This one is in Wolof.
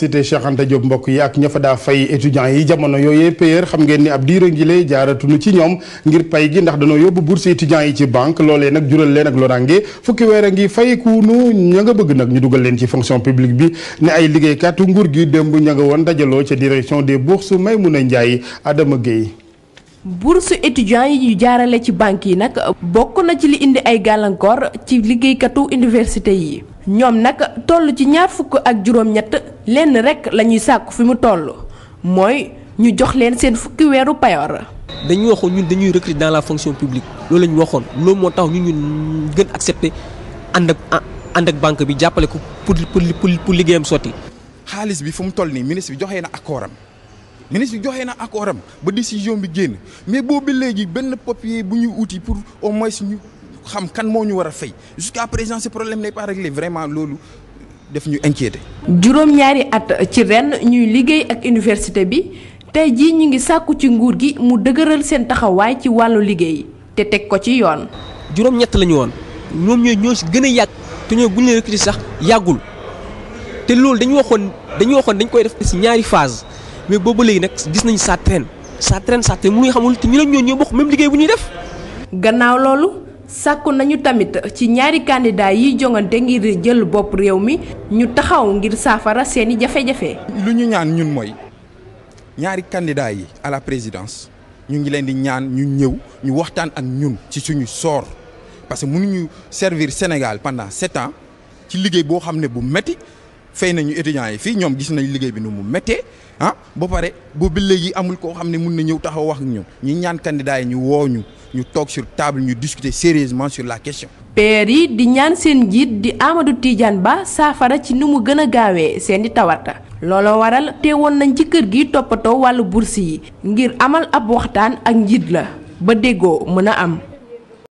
cité Cheikh Anta Diop mbokk yi ak ña fa daa étudiants yi jamono yooyee payer xam ngeen ni ab diir a ngi lay jaaratuñu ci ñoom ngir pay gi ndax dañoo yóbbu bourse étudiants yi ci banque loolee nag jural leen ak lorange fukki weer a ngi faykuunu ña nga bëgg nag ñu dugal leen ci fonction publique bi ne ay liggéeykatu nguur gi démb ña nga woon dajaloo ca direction des bourses Maimouna Ndiaye Adama Gueye bourse étudiants yi ñu jaarale ci banque yi nag bokk na ci li indi ay gàllankoor ci liggéeykatu université yi ñoom nag toll ci ñaar fukk ak juróom-ñett lenn rek la ñuy sàkku fi mu toll mooy ñu jox leen seen fukki weeru payoor. dañuy waxoon ñun dañuy recruter dans la fonction publique loolu la ñu waxoon loo moo tax ñun ñun gën accepter ànd ak ah, ànd ak banque bi jàppale ko pour pour pour liggéeyam sotti. xaalis bi fu mu toll nii ministre bi joxee na accord am ministre bi joxee na accord am ba décision bi génn mais boobu léegi benn papier bu ñuy uti pour au moins ñu. xam kan moo ñu war a fay jusqu'à présent ce problème n'est pas réglé vraiment loolu def ñu inquiété. juróom-ñaari at ci ren ñuy liggéey ak université bi tey jii ñu ngi sàkku ci nguur gi mu dëgëral seen taxawaay ci wàllu liggéey te teg ko ci yoon. juróom-ñett la woon ñoom ñooy ñoo si gën a yàgg te ñoo bu ñu recruté sax yàggul te loolu dañu waxoon dañu waxoon dañ koy def si ñaari phase mais boobu léegi nag gis nañu ça traîne ça traîne ça traîne mënuñu xamul te ñu ñoo ñoo bokk même liggéey bu ñuy def. gannaaw loolu. sàkku nañu tamit ci ñaari candidat yiy jongante ngir jël bopp réew mi ñu taxaw ngir saafara seeni jafe-jafe. lu ñu ñaan ñun mooy ñaari candidat yi à la présidence ñu ngi leen di ñaan ñu ñëw ñu waxtaan ak ñun ci suñu sor parce nu ñu servir Sénégal pendant sept ans ci liggéey boo xam ne bu métti fay nañu étudiants yi fii ñoom gis nañ liggéey bi nu mu méttee ah ba pare boobu léegi amul koo xam ne mun na ñëw taxaw wax ñu ñu ñaan candidat yi ñu woo ñu. ñu toog sur table ñu discuter sérieusement sur la question. père yi di ñaan seen njiit di Amadou Tidiane Ba saafara ci ni mu gën a gaawee seen i tawata. looloo waral teewoon nañ ci kër gi toppatoo wàllu bourse yi ngir amal ab waxtaan ak njiit la ba déggoo mën a am.